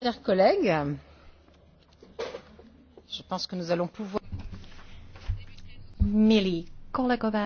chers collègues je pense que nous allons pouvoir. milí kolegové